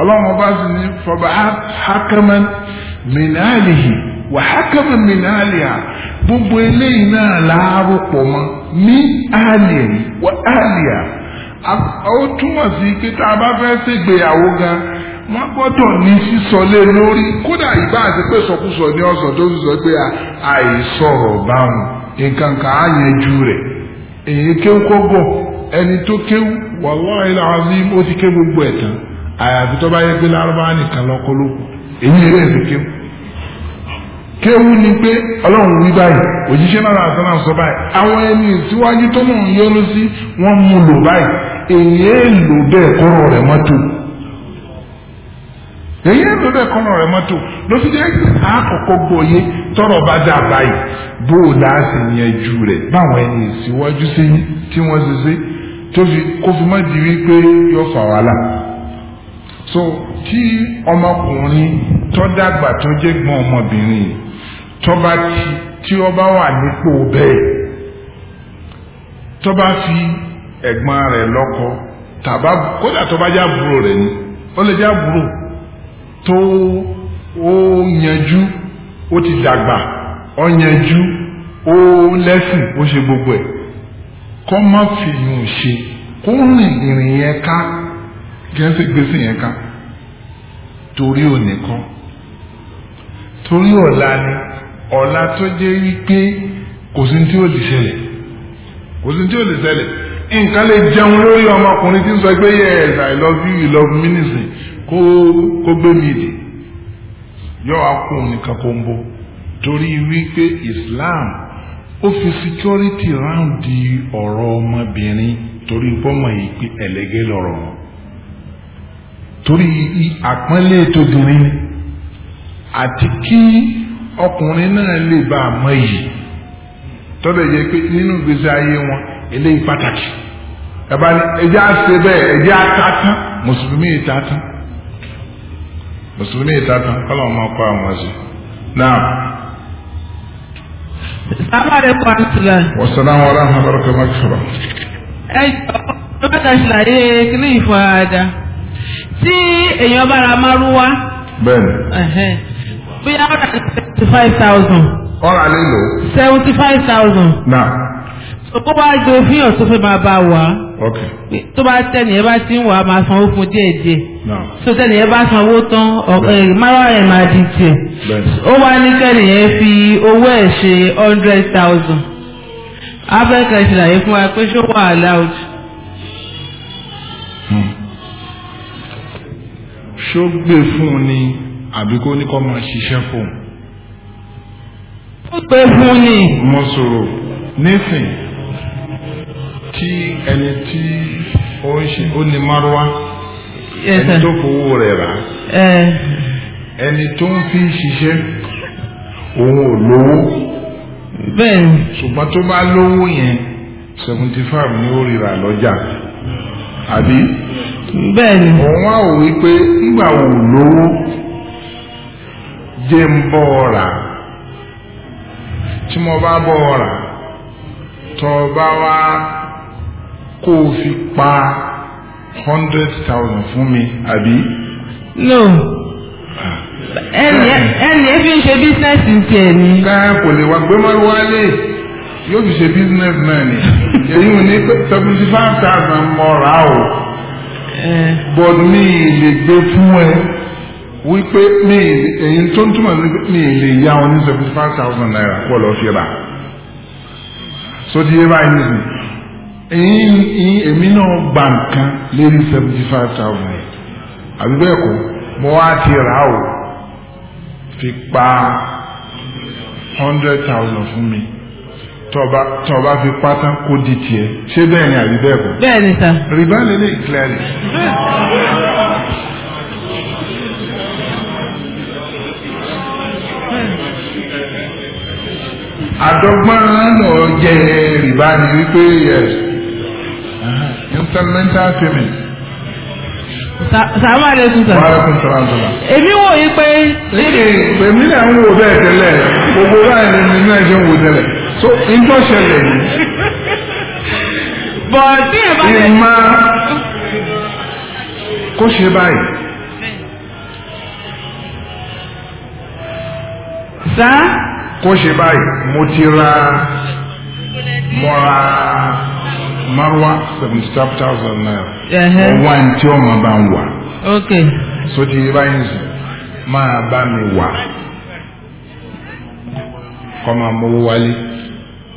ọlọ́run ọba sì ní fọba hakaman minalihi wà hakaman minaliha gbogbo eléyìí náà láàárọ̀ mọ́ ní àlìyà ó túmọ̀ sí pé tá a bá fẹ́ ṣègbéyàwó gan wọ́n gbọ́dọ̀ ní sísọ lé lórí kódà ìgbà àti pé sọkúsọ ní ọ̀sán tó sì sọ pé àìsọ̀rọ̀ báwọn nǹkan kan á yanjú rẹ̀ èyí kéwú ẹni tó kéwú ó ti ké gbogbo ẹ̀ àyàfi tó bá yẹ pé lárúbá nìkan lọ́kọ́ ló èyí eré èsì kéwù kéwù ni pé ọlọ́run wí báyìí òjíṣẹ́ náà àti náà sọ báyìí àwọn ẹni ìsíwájú tó mọ̀ ń yọnu sí wọ́n mú lò báyìí èyí è lò bẹ́ẹ̀ kọ́rọ̀ rẹ̀ mọ́tò èyí è lò bẹ́ẹ̀ kọ́rọ̀ rẹ̀ mọ́tò ló fi jẹ́ àkọ́kọ́ gbòye tọrọ bá dà báyìí bó o láti yanjú rẹ̀ báwọn ẹni ìsíwájú sí tí wọ́n ṣe ṣe tó fi kó fi má di wípé yọ fà wàhálà so tí ọmọkùnrin tó dàgbà tó jẹ́ gbọ́n ọmọbìnrin tó bá tí ó bá wà nípò bẹ́ẹ̀ tó bá fi ẹ̀gbọ́n rẹ̀ lọ́kọ tàbá kódà tó bá jábúrò rẹ̀ ni ó lè jábúrò tó ó yanjú ó ti dàgbà ó yanjú ó lẹ́sìn ó ṣe gbogbo ẹ̀ kọ́ má fi yùn ṣe kó rìn ìrìn yẹn ká gẹ́sẹ̀ gbèsè yẹn kan torí òní kan torí ọ̀la ni ọ̀la tó jẹ́ wípé kò sí tí ó lè ṣẹlẹ̀ kò sí tí ó lè ṣẹlẹ̀ nǹkan lè jẹun lórí ọmọkùnrin tí ń sọ pé yes i love you you love me nisin kó kó gbé mi dè yọ akun nìkan kò ń bọ̀ torí wípé islam ó fi security round di ọ̀rọ̀ ọmọbìnrin torí pọ́mọ yìí pé ẹlẹ́gẹ́ lọ́rọ̀ wọn. torí àpọ́nlé tóbìnrin àti kí ọkùnrin náà lè bá a mọ tọ́lẹ̀ yẹ pé nínú gbèsè ayé wọn eléyìí pàtàkì ẹ̀bá ni ẹjẹ́ àṣẹ bẹ́ẹ̀ ẹjẹ́ àtàtàn mùsùlùmí ìtàtàn mùsùlùmí ìtàtàn kọ́lọ̀ ọmọ ọkọ àwọn ọ̀sẹ̀ náà. Assalamualaikum warahmatullahi. Wassalamu warahmatullahi wabarakatuh. Ẹ jọ̀ọ́ tí èèyàn bá ra márúwá. bẹ́ẹ̀ni. bóyá ọ̀rà ní seventy five thousand. ọ̀rà nílò. seventy five thousand. na. òkú bá gbé fún yàn tó fẹ́ máa bá wà. ok. tó bá tẹ̀lé ẹ bá ti ń wà á máa sanwó fún díẹ̀ díẹ̀. na. tó tẹ̀lé ẹ bá sanwó tán márúwá ẹ̀ máa di tiẹ̀. bẹ́ẹ̀ni. ó wá ní kẹ́lì yẹn fi owó ẹ̀ ṣe hundred thousand. abẹ́kẹ̀ ṣàlàyé fún wa pé ṣó wà á ṣó gbé fún un ni àbí kó ní kó máa ṣiṣẹ́ fún un. ó gbé fún un ni. mo sọ̀rọ̀ nísìn tí ẹni tí ó ń ṣe ó ní márúwá ẹni tó fowó rẹ̀ rà á eh. ẹni tó ń fi ṣiṣẹ́ òun ò lówó. bẹ́ẹ̀. ṣùgbọ́n tó bá lówó yẹn seventy five ni ó rira lọ́jà àbí. bẹ́ẹ̀ni. òun á wò wípé ńgbà wò lówó jẹ́ ń bọ́ ọ tí mo fi pa hundred thousand fún mi no ah. ẹnì ẹ fi ń ṣe bísínẹ́sì ni. ká kò lè wá gbé mọ́lú wálé yóò fi ṣe bísínẹ́sì náà ni èyí ò Eh. but mi ì lè gbé fún ẹ wípé mi ì èyí tó ń mi ì lè yá wọn seventy five thousand naira pọ̀ lọ́ọ́ fi rà so di ẹ báyìí nìyí èyí èmi náà gba nǹkan lérí seventy five thousand àbí bẹ́ẹ̀ kọ́ mo wá ti rà ó fi pa hundred thousand fún mi tọba tọba fi pátá kó di tiẹ̀ ṣé bẹ́ẹ̀ ni àbí bẹ́ẹ̀ kọ́. bẹ́ẹ̀ ni sà. rìbá lélẹ̀ ìkìlẹ̀rì. àdọ́gbọ́n náà jẹ́ rìbá ni wípé yes instrumental payment sàmà lè tún sà. wàhálà tún sọ̀rọ̀ àgbàlá. èmi wò yí pé. èmi náà ń wò bẹ́ẹ̀ tẹ́lẹ̀ gbogbo báyìí ni mi náà ṣe ń wò tẹ́lẹ̀ so njọ́ ṣẹlẹ̀ yìí. bọ̀dé ìbá lè. ìmọ̀ kó ṣe báyìí. sá. kó ṣe báyìí mo ti ra mo ra marwa seventy five thousand naira. ọwọ́ àǹtí ọmọ bá ń wà. ok. so ti báyìí sùn máa bá mi wà kọ́ máa mowó wálé.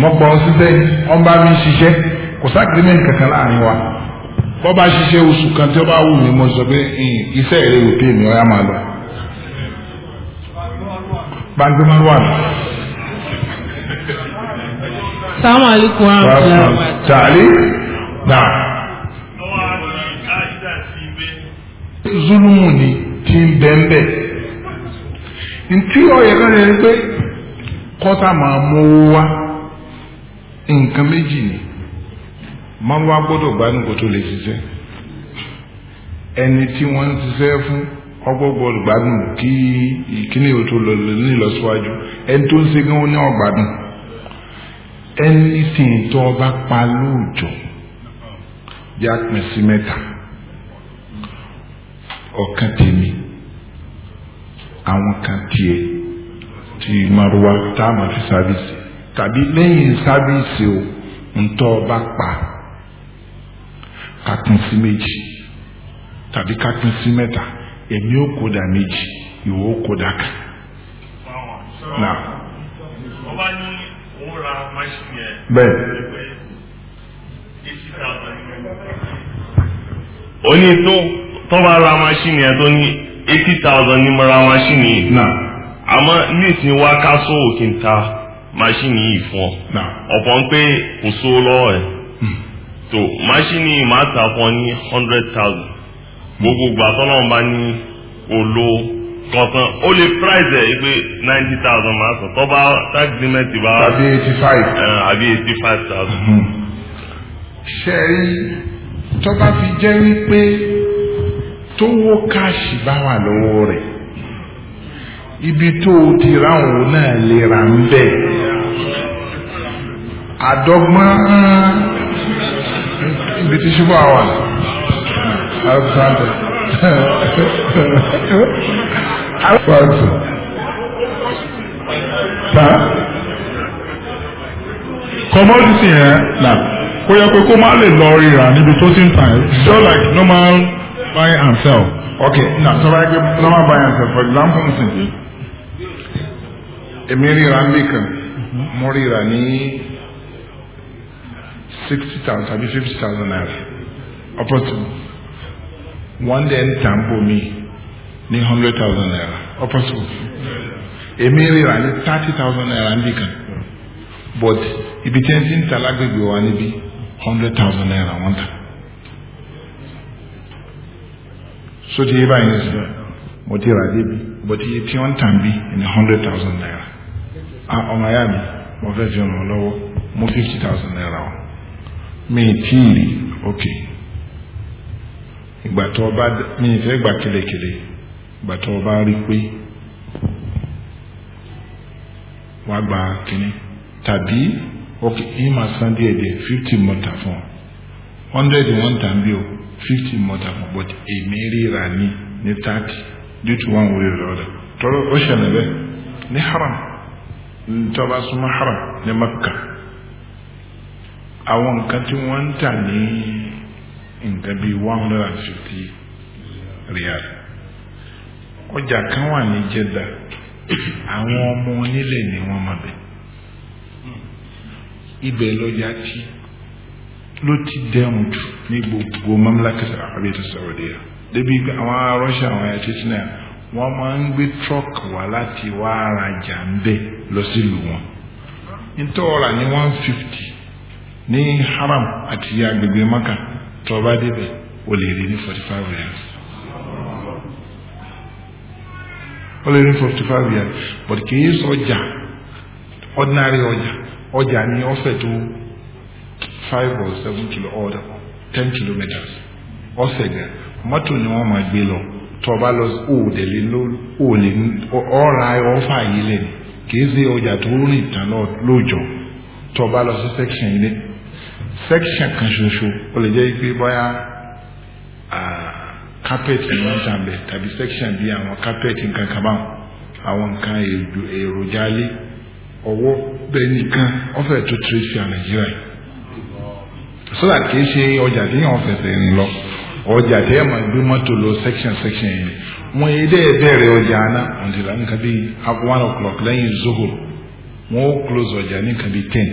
mo gbọ́ ṣiṣẹ́ wọ́n bá mi ṣiṣẹ́ kò sí agreement kankan láàrin wa bọ́ bá ṣiṣẹ́ oṣù kan tí ó bá wù mí mo sọ pé iṣẹ́ ìrẹ́ òkè mi ọ̀yá máa lọ. bandumal one. Assalamu alaikum wa Zulumu ni ti ń bẹ́ńbẹ́. Ntí ọ̀yẹ̀ kan lè pé kọ́tà máa mú owó wá nǹkan méjì ni márùwá gbọ́dọ̀ gbádùn kó tó lè ṣiṣẹ́ ẹni tí wọ́n ń ṣiṣẹ́ fún ọgbọ́gbọ́ gbádùn kí ìkíní ò tó lọ ní ìlọsíwájú ẹni tó ń ṣe gan ní ọgbádùn ẹni tí ìtọ́ bá pa lóòjọ́ já pín sí mẹ́ta ọ̀kan tèmi àwọn kan tiẹ̀ ti márùwá tá a máa fi sábìsì tàbí lẹ́yìn sábìsì o ntọ́ ọba pa kápín sí méjì tàbí kápín sí mẹ́ta èmi ó kódà méjì ìwọ ó kan. na. ọba ní òun ra máṣíìnì ẹ. bẹ́ẹ̀. ó ní tó tó bá ra máṣíìnì ẹ tó ní eighty thousand ní mo ra yìí. na. àmọ́ nísìnyí wá ká Mashini yìí fún ọ ọ̀pọ̀ ń pé kò só lọ́wọ́ ẹ̀ hmm. so máṣíìnì yìí máa ta fún ọ ní hundred thousand gbogbo ìgbà tọ́nà bá ní olo kọ̀ọ̀kan ó lè price ẹ̀ pé ninety thousand máa sọ tọ́ bá tax agreement bá eh, àbí eighty five àbí eighty five thousand. Hmm. ṣe rí tó bá fi jẹ́ wípé tó wó káàṣì bá wà lọ́wọ́ rẹ̀ ibi tó o ti ráhùn náà lè rà ń bẹ́ẹ̀ àdọ́gbọ́n ibi tí ṣubú àwà alexander alexander ta commodity yẹn là kó yẹ pé kó má lè lọ rírà níbi tó ti ń tà ẹ́ just like normal buy and sell. ok na tó bá pé normal buy and sell for example nsìn èmi ríra ń kan mo ríra ní sixty thousand àbí fifty thousand naira opportune wọ́n dẹ̀ ń tàn bò mí ní hundred thousand naira opportune èmi rira ní thirty thousand naira ń bì kan but ibi tí wọ́n ti ń ta lágbègbè wa níbi hundred thousand naira wọ́n tà so ti yé báyìí ní sọ mo ti rà débi but iye tí wọ́n tàn bí ní hundred thousand naira ah, ọmọ ayá mi mo fẹ́ fi ràn án lọ́wọ́ mo fifty thousand naira wọn. mi òkè ìgbà tó bá mi fẹ́ gbà kelekele ìgbà tó bá rí pé gba kínní tàbí òkè yìí máa san díẹ̀ díẹ̀ fifty mọ́tà fún ọ hundred one o fifty mọ́tà fún ọ but èmi ríra ní ní due to one way or other tọ́lọ́ ó ṣẹlẹ̀ bẹ́ẹ̀ ní haram tọ́ba súnmọ́ haram ní makka. àwọn nǹkan tí wọ́n ń tà ní nǹkan bíi one hundred and fifty riyal ọjà kan wà ní Jẹ́dà àwọn ọmọ onílẹ̀ ni wọ́n máa bẹ̀ ibẹ̀ lọ́jà tí ló ti dẹ́rùn jù ní gbogbo mamlakata Arabia Saudiya débi àwọn Russia àwọn ẹ̀yà títí náà wọ́n máa ń gbé truck wá láti wá arajà ń bẹ̀ lọ sílùú wọn nítorí ọ̀rà ní one fifty ní haram àti agbègbè maka tó o bá débẹ̀ o lè rí ní forty five years o lè rí ní forty five years but kì í sọjà ordinary ọjà ọjà ní ọ̀fẹ́ tó five or seven kilo or ten kilometres ọ̀sẹ̀ gẹ̀ mọ́tò ni wọ́n máa gbé lọ tó o bá lọ sí òòdè lé òòlè ọ̀ra ọ̀fà yìí lẹ̀ kì í ṣe ọjà tó rìn tán lóòjọ́ tó bá lọ sí section ilé section kan ṣoṣo ó lè jẹ́ pé bóyá carpet ni wọ́n tàn bẹ̀ tàbí section bí àwọn carpet nǹkan kan báwọn àwọn nǹkan èròjà alé ọwọ́ bẹ́ẹ̀ nìkan ọ̀fẹ́ tó tracy à nàìjíríà yìí sọ́dà kìí ṣe ọjà tí yàn fẹ̀fẹ̀ ń lọ ọjà tí yàn máa gbé mọ́tò lọ section section yìí wọ́n yé dẹ́ bẹ̀rẹ̀ ọjà àná ọ̀dìlà nǹkan bíi one o'clock lẹ́yìn zohor wọ́n ó close ọjà nǹkan bíi ten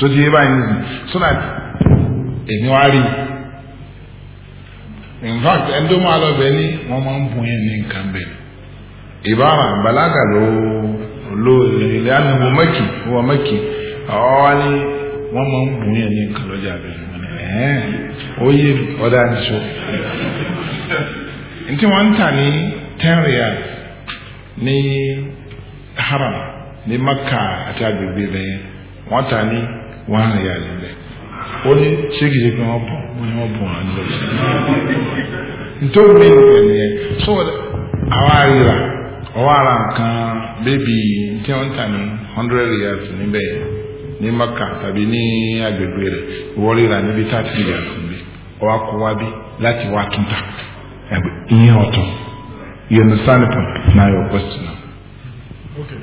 so ti yé báyìí nìyí so that èmi wá rí in fact ẹni tó máa lọ bẹ ní wọn máa ń bùn yín ní nǹkan bẹ ìbára balaga ló ló ìlànà wọn mẹkì wọn mẹkì ọ wá ní wọn máa ń bùn yín ní nǹkan lọjà bẹ ẹ ó yé ọdá nìṣó nti wọn ta ní ten reals ní haram ní maka àti agbègbè bẹyẹ wọn ta ní. wọ́n á rìn yà rìn bẹ́ẹ̀ ó ní ṣé kìí ṣe pé wọ́n bọ̀ wọ́n ní mi nìyẹn so àwa rira ọwọ́ ara nǹkan bébì tí wọ́n ń tà ní hundred years níbẹ̀ ní maka tàbí ní agbègbè rẹ̀ thirty years níbẹ̀ ọwọ́ akọ wa bí láti wá tún ta ìyẹn ọ̀tọ̀ you understand the now your question. Okay.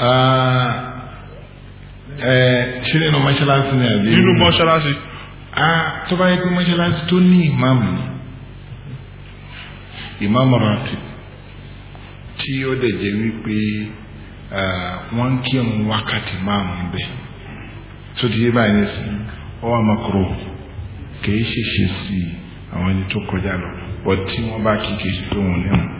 Ah, eh, ṣe nínú mọ́ṣáláṣí ni àbí. nínú mọ́ṣáláṣí. Ah, tó bá yẹ pé mọ́ṣáláṣí tó ní ìmáàmù ni ìmáàmù rati tí ó dẹ̀ jẹ́ wípé ah, wọ́n ń kírun wákàtí márùn bẹ́ẹ̀ tó ti yé báyìí nísìnyí ọwọ́ àmàkùrọ̀ kì í ṣèṣe sí àwọn ẹni tó kọjá lọ bọ́ tí wọ́n bá kí kì í ṣe pé wọ́n níwọ̀n.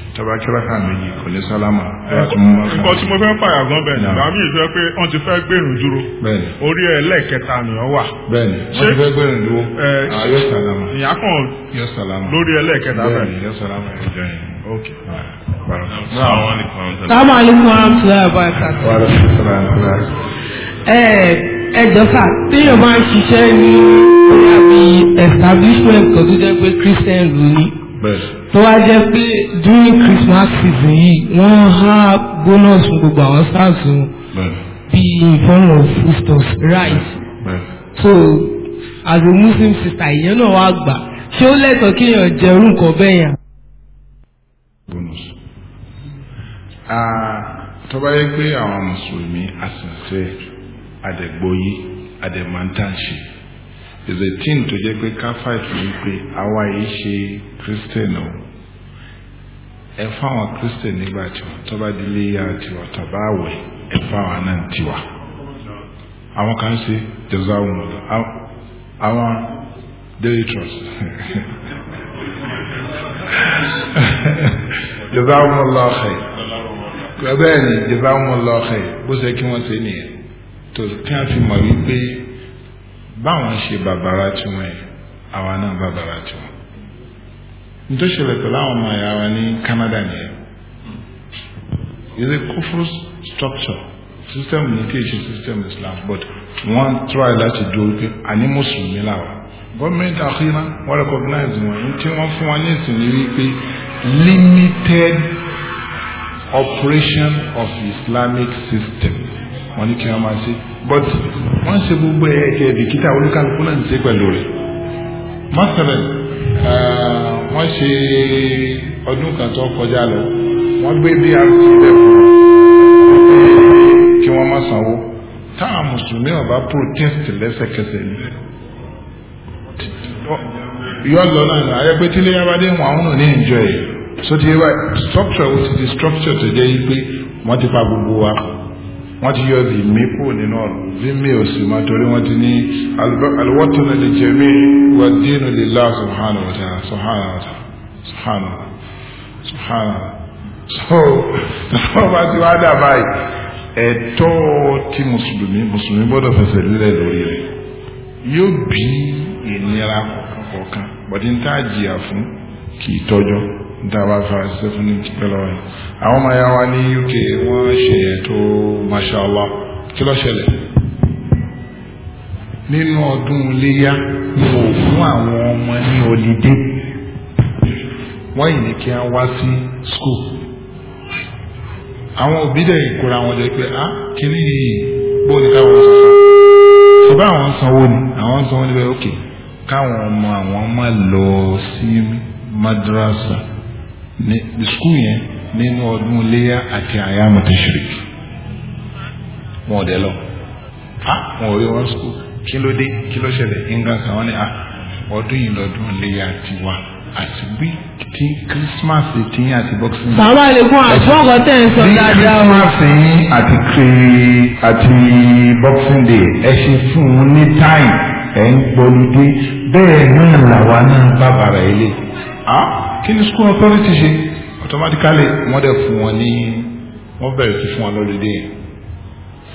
tọba kíráka kò lè sálámà. nǹkan tí mo fẹ́ fàyà gan bẹ́ẹ̀ ni bàbá mi fẹ́ pé wọ́n ti fẹ́ gbèrú dúró orí ẹ̀ lẹ́ẹ̀kẹta ni ọ wà. bẹ́ẹ̀ni wọ́n ti fẹ́ gbèrú dúró ayọ sálámà. ìyá lórí ẹ̀ lẹ́ẹ̀kẹta bẹ́ẹ̀. bẹ́ẹ̀ni sáwọn alekun aramtula abarika. ẹ ẹ jọfà téèyàn máa ń ṣiṣẹ́ ní àbí establishment kan tó jẹ́ pé christian ló ní. bẹ́ẹ̀ tó wá jẹ́ pé during Christmas season yìí wọ́n há bonus fún gbogbo àwọn stars wọn bíi in form of foodstuffs rice so as a Muslim sister ìyẹn náà wá gbà ṣé ó lẹ́tọ̀ọ́ kéèyàn jẹ irú nǹkan bẹ́ẹ̀ yẹn. tó bá yẹ pé àwọn mùsùlùmí àṣìṣe àdẹ̀gbòyí àdẹ̀mọ́ntàṣe is a thing to jẹ́ pé ká fight fún pé àwa yìí ṣe christian o ẹ fáwọn christian nígbà tiwọn tó bá dilé ya tiwọn tó bá wẹ̀ ẹ fáwọn náà tiwa àwọn kan ṣe jẹzọ àwọn ọlọ àwọn daily trust jẹzọ àwọn ọlọ ọ̀hẹ́ bẹ́ẹ̀ ni jẹzọ àwọn ọlọ ọ̀hẹ́ bó ṣe kí wọ́n ṣe nìyẹn tó kí wọ́n fi mọ̀ wípé báwọn ṣe bàbàrà tiwọn yẹn àwa náà bàbàrà tiwọn nítorí ṣẹlẹ̀ pẹ̀lú àwọn ọmọ ẹ̀yà wa ní Canada nìyẹn is a kufru structure system ní kí system Islam but wọ́n try láti dúró pé àní mùsùlùmí làwọn gọ́ọ̀mẹ́ntì àkírá wọ́n recognize wọn tí wọ́n fún wa ní ìsìn rí limited operation of Islamic system wọ́n ní kí máa ṣe but wọ́n ṣe gbogbo ẹ̀ ẹ̀kẹ́ bìkítà olúkálukú náà ń ṣe pẹ̀lú rẹ̀ mọ́sẹ̀lẹ̀ eh, wọ́n ṣe ọdún kan tó kọjá lọ wọ́n gbé bí arúgbó bẹ́ẹ̀ fún kí wọ́n má sanwó táwọn mùsùlùmí ọba protest lẹ́sẹ̀kẹsẹ̀ ni yọ lọ náà nà ayẹpẹ tí ilé yaba dé wọn àwọn náà ní enjoy so ti structure wo the structure tó jẹ́ yí pé wọ́n ti pa gbogbo wa wọ́n ti yọ zimmi kúrò nínú ọ̀rọ̀ zimmi ò sì máa torí wọ́n ti ní alwọ́tún lè jẹ̀mí wà dínú lílá subhanahu wa ta'ala subhanahu wa ta'ala subhanahu subhanahu so tọ́wọ́ bá ti wá dà báyìí ẹ̀tọ́ ti mùsùlùmí mùsùlùmí gbọ́dọ̀ fẹsẹ̀ lílẹ̀ lórí rẹ̀ yóò bí ìnira kọ̀ọ̀kan bọ̀dí ń tá a jìyà fún kì í tọ́jọ́ dáwà fà ṣẹ́fún ní pẹ̀lọ́ rẹ̀ àwọn ya wa ní UK wọ́n ṣe ètò mashallah kí ló ṣẹlẹ̀ nínú ọdún léyà mo fún àwọn ọmọ ní olùdé wọ́n yìí ní kí a wá sí school àwọn òbí dẹ̀ ìkóra wọn jẹ́ pé ah kí ni bó ni káwọn sọ sọ bá àwọn sanwó ni àwọn sanwó ni bẹ́ẹ̀ ok káwọn ọmọ àwọn máa lọ sí madrasa ní sukuu yẹn nínú ọdún léyà àti àyàmù tẹ̀sírì wọn ò dé lọ a ah, wọn ò rí wọn sukuu kí ló dé kí ló ṣẹlẹ̀ nǹkan kan wọn ni a ah, ọdún yìí lọ́dún léyà tiwa àti bí ti christmas ti yín àti boxing. bàbá àlékún àfọwọ́kọ tẹ̀ ń sọ dáadáa o. ní christmas yín àti àti boxing day ẹ ṣe fún un ní time ẹ ń gbọ́lódé bẹ́ẹ̀ náà làwa náà bàbàrà ilé. Ah, kí ni school authority ṣe automatically wọ́n dẹ̀ fún wọn ní wọ́n bẹ̀rẹ̀ sí fún wọn lọ́lẹ́dẹ́ yẹn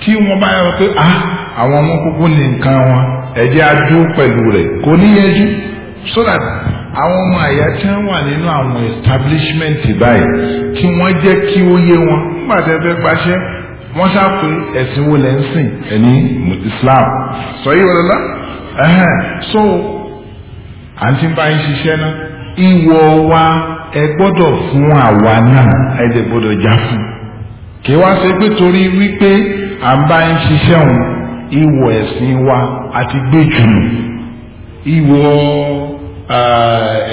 tí wọ́n bá yọ pé ah àwọn ọmọ gbogbo ní nǹkan wọn ẹ̀jẹ̀ adó pẹ̀lú rẹ̀ kò ní yẹjú so that àwọn ọmọ àyà tí wọ́n wà nínú àwọn establishment báyìí kí wọ́n jẹ́ kí ó yé wọn nígbà tí ẹ fẹ́ gbaṣẹ́ wọ́n ṣá pé ẹ̀sìn wo lẹ́ ń sìn ẹni Islam sọ yìí wọlé lọ so àǹtí bá ń ṣiṣẹ́ náà ìwọ wa ẹ gbọ́dọ̀ fún àwa náà ẹ dẹ̀ gbọ́dọ̀ já fún kí wá ṣe pé torí wípé à ń bá ń ṣiṣẹ́ òun ìwọ ẹ̀sìn wa àti gbé jùlọ ìwọ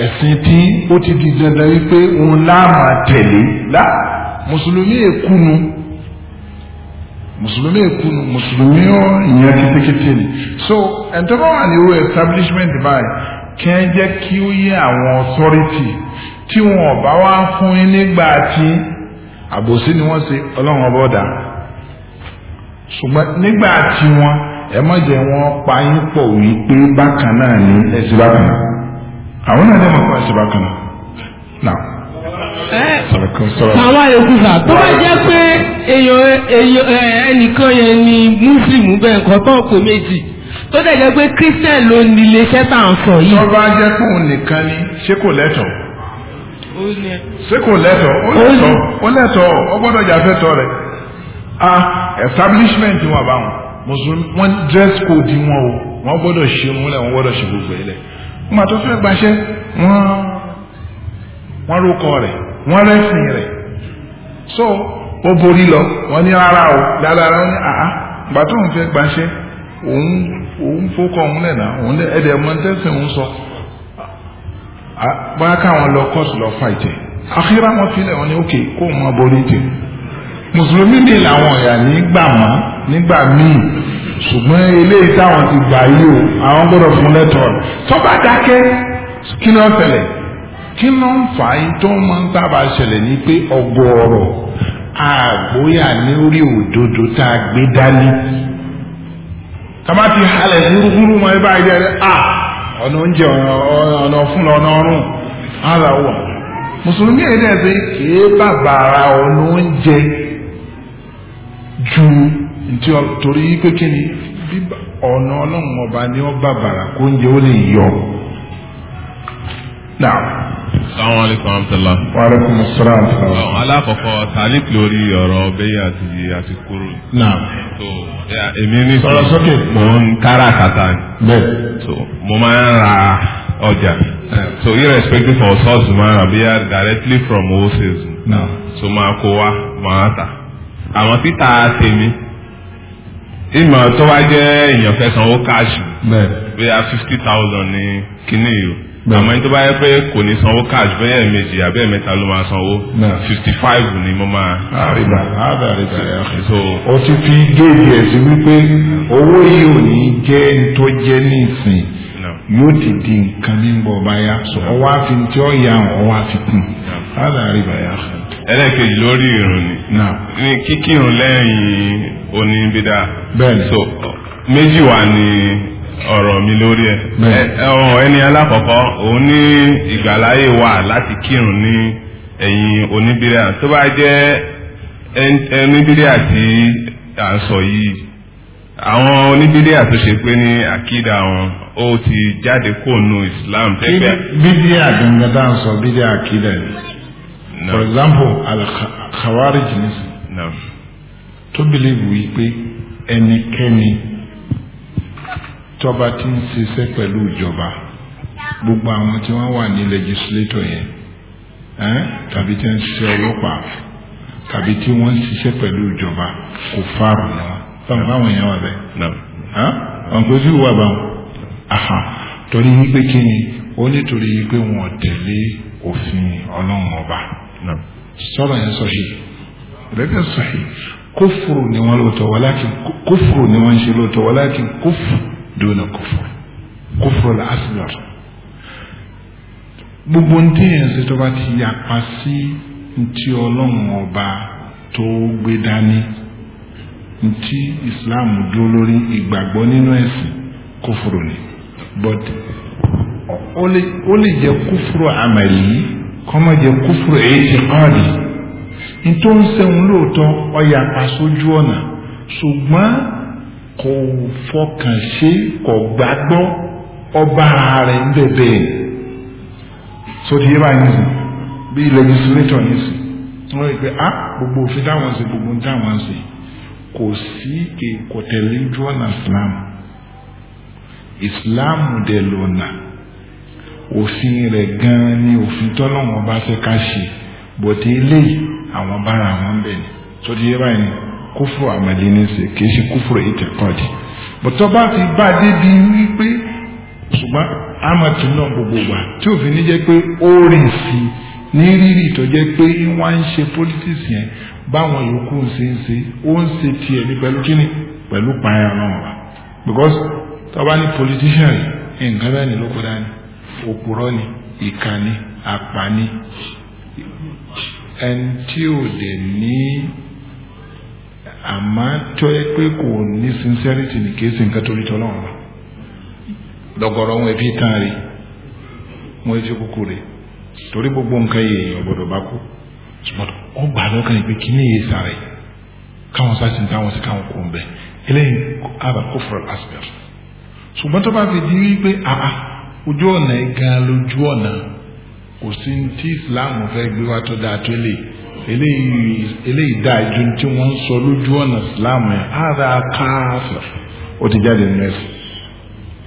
ẹ̀sìn tí ó ti di dandan wípé òun láàmà tẹ̀lé lá mùsùlùmí èkúnu mùsùlùmí èkúnu mùsùlùmí ìyẹn kìtìkìtì ni so ẹ̀ńtọ́ bá wà ní irú establishment báyìí kí wọ́n jẹ́ kí ó yé àwọn ọ̀tọ́rìtì tí wọn ọ̀bá wá fún yín nígbà tí àbòsí ni wọ́n ṣe ọlọ́run ọba ọ̀dà ṣùgbọ́n nígbà tí wọ́n ẹ má jẹ́ wọ́n pa yín pọ̀ wípé bákan náà ní ẹsẹ̀ bákan náà àwọn náà dẹ́mọ̀ pa ẹsẹ̀ bákan náà. Àwọn àyòkù sà tó bá jẹ́ pé èèyàn ẹnìkan yẹn ni Mùsùlùmí bẹ́ẹ̀ nǹkan tó kò méjì tó dẹ̀ jẹ́ pé christian ló ní iléeṣẹ́ tá à ń sọ yìí. tó bá jẹ́ pé òun nìkan ni ṣé kò lẹ́tọ̀ọ́ ṣé kò lẹ́tọ̀ọ́ ó lẹ́tọ̀ọ́ ó lẹ́tọ̀ọ́ ó gbọ́dọ̀ jàfẹ́ tọ́ rẹ̀ ah establishment wọn bá wọn mùsùlùmí wọn dress code wọn o wọn gbọ́dọ̀ ṣe wọn lẹ wọn gbọ́dọ̀ ṣe gbogbo ẹ̀ lẹ̀ wọn àti fẹẹ gbaṣẹ́ wọn wọn rúkọ rẹ̀ wọn rẹsìn rẹ̀ so ó borí lọ wọn ní rárá o dáadáa wọn ní àá gbàtọ́ òun fẹ́ gbaṣẹ́ òun òun fókọ òun lẹ̀ náà òun lẹ̀ ẹ̀dẹ̀ mọ́ tẹ́sí òun sọ bóyá káwọn lọ kọ́ọ̀sì lọ fà ìtẹ̀ àkírà wọn filẹ̀ wọn ni ókè kó òun máa borí ìtẹ̀ mùsùlùmí dè làwọn ọ̀yà nígbà mọ́ nígbà míì ṣùgbọ́n eléyìí táwọn ti gbà yí o àwọn gbọ́dọ̀ fún lẹ́tọ̀ọ́ tó dákẹ́ kí ló ń ṣẹlẹ̀ kí ló ń fà á tó máa ń sábà ṣẹlẹ̀ ní pé ọgọ́rọ̀ àgbóyà ní orí òdodo tá a gbé dání kamati halẹ huruhuru ma ebe ayi dẹrẹ a ọna oúnjẹ ọna ọfun ọna ọrun ala wa musulumi yẹn dẹ bi ke babara ọna oúnjẹ ju nti ọ torí ikpe kini biba ọna ọlọrun ọba ni ọ babara kó oúnjẹ ó lè yọ naa. Assalamu alaikum amtala. Wa alaikum assalam amtala. Alákọ̀ọ́kọ́ Talik lórí ọ̀rọ̀ Bẹ́yẹ àti àti kúrò. Naam. So èmi ní sọ̀rọ̀ sókè. Mò ń kára kàtà ni. Bẹ́ẹ̀. So mo máa ń ra ọjà. So irrespective of source máa ń rà bíyà directly from wholesale. Naam. So máa kó wa máa tà. Àwọn títà tèmi ìmọ̀ tó bá jẹ́ èèyàn fẹ́ sanwó káàṣì. Bẹ́ẹ̀. Bíyà fifty thousand ni kíní yìí àmọ́ ní tó bá yẹ pé kò ní sanwó cash bẹ́ẹ̀ méjì àbẹ́ mẹ́ta ló máa sanwó fifty five ni mo máa. àríbà àbẹ̀ àríbà ẹ̀ so. o ti fi géèjì ẹ̀ sí wípé owó yìí ò ní jẹ́ tó jẹ́ ní ìsìn yóò ti di nǹkan ní bọ̀ báyà ọwọ́ àfi tí ó yà ọwọ́ àfi kù àbẹ̀ àríbà ẹ̀ ẹlẹ́ẹ̀kejì lórí ìrùn ni kíkírun lẹ́yìn oníbídà bẹ́ẹ̀ so méjì wà ní ọ̀rọ̀ mi lórí ẹ̀ ẹni alákọ̀ọ́kọ́ òun ní ìgbàláyè wà láti kírun ní ẹ̀yìn oníbíríà tó bá jẹ́ oníbíríà tí à ń sọ yìí àwọn oníbíríà tó ṣe pé ní àkídà wọn ó ti jáde kóònù Islam tẹ́gbẹ́. bídíà gangan tá sọ bídíà àkídà yìí for example al-Khawarij nisi tó believe wípé ẹnikẹ́ni tọ́ba ti ń ṣiṣẹ́ pẹ̀lú ìjọba gbogbo àwọn tí wọ́n wà ní legislator yẹn tàbí tí wọ́n ń ṣiṣẹ́ ọlọ́pàá tàbí tí wọ́n ń ṣiṣẹ́ pẹ̀lú ìjọba kò fárò ni wọ́n báwọn báwọn yẹn wà bẹ́ẹ̀ ọ̀nkọ́ sí wà báwọn aha torí wípé kí ni ó nítorí wípé wọn tẹ̀lé òfin ọlọ́run ọba sọ̀rọ̀ yẹn sọ yìí rẹ́gẹ́ sọ yìí kófòrò ni wọ́n lóòótọ́ wọ́n láti kófòrò ni wọ́n ń ṣe lóòótọ́ wọ́n láti kófòrò. duna kufur kufur asgar gbogbo ntí yẹn ṣe bá ti sí ntí ọba tó gbé dání ntí islam dúró lórí ìgbàgbọ́ nínú ẹ̀sìn kufur ni but ó lè jẹ kufur amali kọ́mọ jẹ́ kufur itiqadi ntó ń sẹ́wọ̀n lóòótọ́ ó sójú ọ̀nà kò fọkàn sí kò gbàgbọ́ ọba rẹ̀ ń bẹ̀bẹ̀ so ti yé báyìí nìsín bíi legislator nìsín tí wọ́n rí pé ah gbogbo òfin táwọn ṣe gbogbo ń táwọn ṣe kò sí kò tẹ̀lé ọ̀nà Islam Islam dẹ̀ lọ́nà òfin rẹ̀ gan-an ni òfin tọ́lọ́wọ́n bá fẹ́ ká ṣe bọ̀dé eléyìí àwọn bára àwọn bẹ̀ ni so ti yé báyìí nìsín kúfùrù àmàlẹ́ ní sè kì í ṣe kúfùrù ìtẹ̀kọ́dì bọ̀tọ́ bá ti bá a débi wípé ṣùgbọ́n amatu náà gbogbo wa tí òfin ní jẹ́ pé ó rìn sí i ní rírì tó jẹ́ pé wọ́n ń ṣe politics yẹn báwọn yòókù ṣe ń ṣe ó ń ṣe tiẹ̀ ní pẹ̀lú kíni pẹ̀lú pààyàn náà wà because tọ́ba ní politician nǹkan bẹ́ẹ̀ ni ló kó dání òpùrọ́ ni ìkà ni ẹni tí ò dẹ̀ ní. àmọ́ tó yẹ pé kò ní sincerity ní kí n sì ń kẹ́tọ́ lọ lọ́gọ́rọ́ wọn fi tán rí wọn fi kúkú rí torí gbogbo nǹkan yìí èèyàn gbọdọ̀ bá kú ṣùgbọ́n ó gbà lọ́kàn yìí pé kí ní yìí sáré káwọn sá sí táwọn sí káwọn kò ń eléyìí àbá kó fọ̀rọ̀ aspect ṣùgbọ́n tó bá fi di wípé àá ojú ọ̀nà gan lójú ọ̀nà kò Islam fẹ́ gbé eléyìí dáa ju tí wọ́n ń sọ lójú ọ̀nà islam yẹn ara káàfẹ̀ ó ti jáde nínú ẹ̀sìn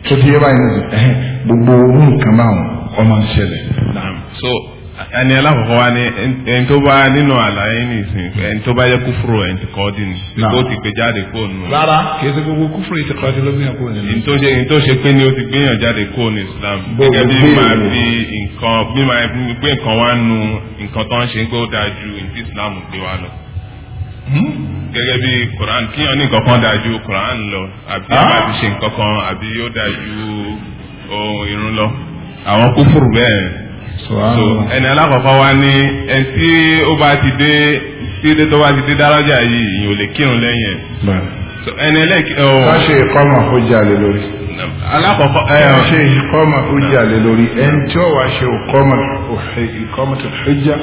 tó ti yẹ báyìí nìyẹn gbogbo nǹkan báwọn ọmọ ń ṣẹlẹ̀ náà. so ẹni alákọ̀ọ́kọ́ wa ni ẹni tó bá nínú àlàyé ní ìsìn ẹni tó bá yẹ kúfúrò ẹni ni ó ti gbé jáde kó nù. rárá kìí ṣe gbogbo kúfúrò ti kọ́ di ló gbìyànjú kó nínú. ìtòṣe ìtòṣe pé ni ó ti gbìyànjú jáde kó ní Islam gẹ́gẹ́ bí máa fi nǹkan bí máa fi gbé nǹkan wá nu nǹkan tó ń ṣe pé ó dáa ju ìdí Islam gbé wa lọ. Hmm? gẹ́gẹ́ bí Quran kíyàn ní nǹkan kan ju Quran lọ àbí máa ah! fi ṣe nǹkan kan àbí ó dáa ju irun lọ àwọn kúfúrò bẹ́ẹ̀ so ẹni alákọ̀ọ́kọ́ wa ní ẹni tí ó bá ti dé tí dé tó bá ti dé dárọ́jà yìí ìyìn ò lè kírun lẹ́yìn so ẹni ẹlẹ́kẹ́ ọ̀. ká ṣe ìkọ́mọ̀ ó jà lé lórí. alákọ̀ọ́kọ́ ẹ ọ̀. ká ṣe ìkọ́mọ̀ ó jà lé lórí ẹni tí ó wá ṣe ìkọ́mọ̀ ìkọ́mọ̀ tó ṣẹ́jà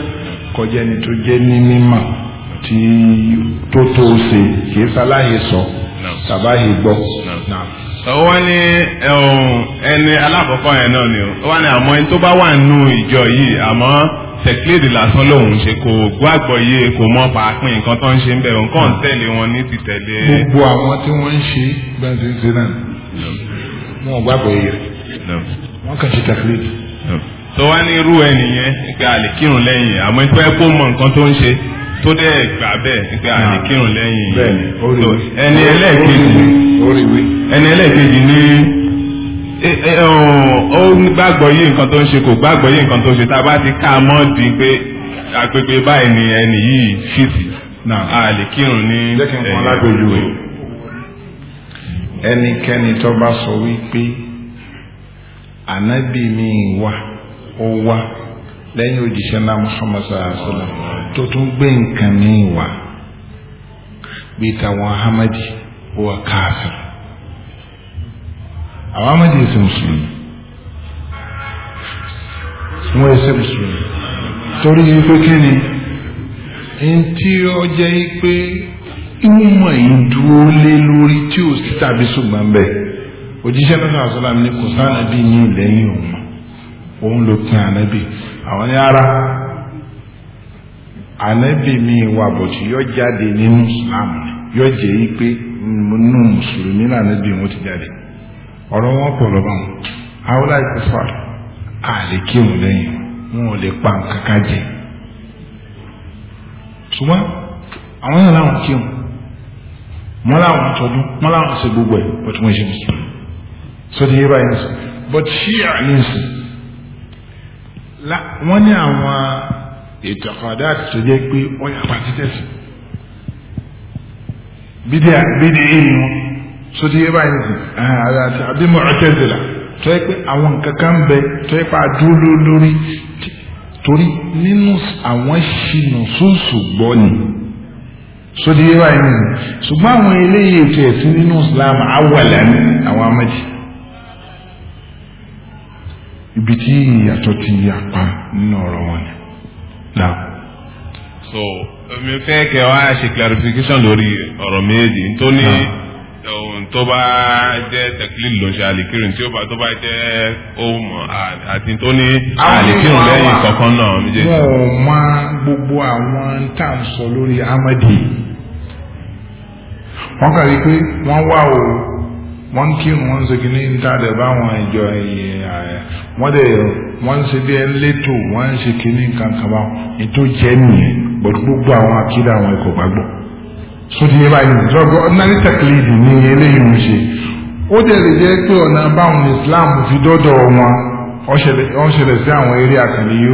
kọjá ẹni tó jẹ́ ní mímọ̀ tí tó tó ṣe kì í sáláyé sọ tàbá yìí gbọ́ wọ́n ní ẹni alákọ̀ọ́kọ́ yẹn náà ni ó wọ́n ní àmọ́ ẹni tó bá wà nù ìjọ yìí àmọ́ tẹ̀kíléèdè lásán lòun ṣe kò gbọ́ àgbọ̀yé kò mọ̀ pàápín nǹkan tó ń ṣe ń bẹ̀ òun kàn tẹ̀lé wọn ní ti tẹ̀lé. gbogbo àwọn tí wọ́n ń ṣe gbẹ̀ǹsẹ̀ ń ṣe náà wọn ò gbàgbọ́ yìí rẹ̀ wọ́n kàn ṣe tẹ̀kíléèdè. tó wá ní irú ẹnìyẹn gbé àlè kírun lẹ́yìn àmọ́ ẹ tó dẹ̀ gbà bẹ́ẹ̀ pé àlè ah. kírun lẹ́yìn ẹni ẹlẹ́ẹ̀kejì ẹni ẹlẹ́ẹ̀kejì ní ó gbàgbọ́ yí nǹkan tó ń ṣe kò gbàgbọ́ yí nǹkan tó ṣe tá a bá ti ká a mọ́ di pé báyìí ni ẹni yìí fìtì àlè kírun ní ẹ̀yìn ẹnikẹ́ni tó bá sọ wípé ànábì mi wà ó lẹ́yìn òjíṣẹ́ náà Muhammad sallam tó tún gbé nǹkan ní ìwà bí tàwọn ahamadi wà káàfin àwọn Ahmadi ẹsẹ mùsùlùmí wọn ẹsẹ mùsùlùmí torí pé kí ni ntí ọjẹ́ yìí pé ìwọ̀n yìí dúró lé lórí tí ò sí tàbí ṣùgbọ́n bẹ́ẹ̀ na náà sọ̀rọ̀ àmì kò sáà nàbí yín lẹ́yìn òun òun ló pin ànábì àwọn ní ara ànábì wa wà bọ̀ tí yọ jáde nínú ìsìlámù yọ jẹ́ yí pé nínú mùsùlùmí náà níbi wọn ti jáde ọ̀rọ̀ wọn pọ̀ lọ́ba wọn haúlá ìkúfà àlè kírun lẹ́yìn wọn ò lè pa nǹkan ká jẹ ṣùgbọ́n àwọn yàrá wọn kírun wọn làwọn tọdún wọn làwọn ṣe gbogbo ẹ̀ bọ́tí wọ́n ṣe mùsùlùmí sọ́dí yé báyìí nìsín bọ́tí ṣíà nìsín wọ́n ní àwọn ètò àkàdá àti tó jẹ́ pé wọ́n yà pa títẹ̀sí bídíà bídíà èyí wọn sotí yé báyìí nìyí àti àbí Mu'tazila tó yẹ pé àwọn nǹkan kan bẹ tó yẹ pé àdúró lórí torí nínú àwọn ṣìnà sóòsù gbọ́ ni sotí yé báyìí nìyí ṣùgbọ́n àwọn eléyìí ètò ẹ̀sìn nínú Islam awàlẹ́ àwọn amẹ́jì ibi tí ìyàtọ̀ ti yapa nínú ọ̀rọ̀ wọn ni. so mi fẹ́ kẹ́ wá ṣe clarification lórí ọ̀rọ̀ méjì tó ní ah. tó bá jẹ́ tẹ̀kílì ló ṣe àlìkírun tí ó bá tó bá jẹ́ ohun àti tó ní àlìkírun lẹ́yìn kọ̀ọ̀kan náà méjèèjì. ò mọ gbogbo àwọn tá à ń sọ lórí amadi wọn kà rí i wá o. wọ́n kírun wọ́n ṣe kìíní ń tàdé báwọn ìjọ wọ́n dẹ̀ wọ́n ṣe bí ẹn wọ́n ṣe kìíní kankan bá ní jẹ́ gbogbo àwọn akídà àwọn ẹ̀kọ́ gbàgbọ́ sóti yẹ báyìí ìjọba ọ̀nàrí tẹ̀kìlìdì ní eléyìí ń ṣe ó dẹ̀ Islam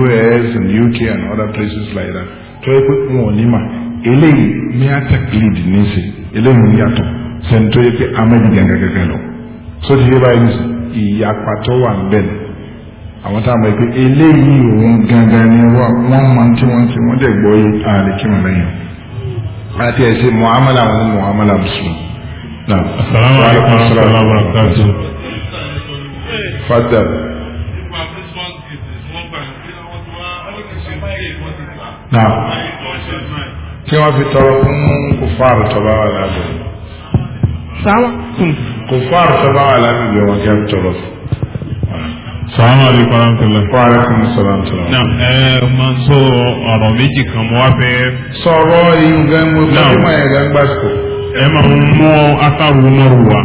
US and UK and other places like that tó yẹ sẹ́ńtò yẹ pé amẹ́bí gẹ́gẹ́gẹ́gẹ́ lọ so ti yé báyìí ní ìyapa tó wà bẹ́ẹ̀ ni àwọn táwọn báyìí pé eléyìí òun gangan ni wọ́n mọ tí wọ́n ti wọ́n dẹ̀ gbọ́ yìí àlè kí wọ́n lẹ́yìn àti ẹ̀sìn muhammadu àwọn muhammadu mùsùlùmí. asalaamu alaykum wa rahmatulahi wa barakatuh. fadal. naam kí wọ́n fi tọrọ fún kùfàrù tọ́ba wà lábẹ́. Sama. Kufar fún àrùsọ́bá wà lágbègbè wọn kí á tọrọ sí. sàmà àlè kọ́ńtàlẹ̀. wà á rẹ̀ fún sọ̀rọ̀ náà ẹ máa ń sọ ọ̀rọ̀ méjì kan mo wá fẹ́. sọ̀rọ̀ ìyún gan mo sọ fún ẹ̀ gan gbàsíkò. ẹ eh, máa ń mú akáru umaru wa.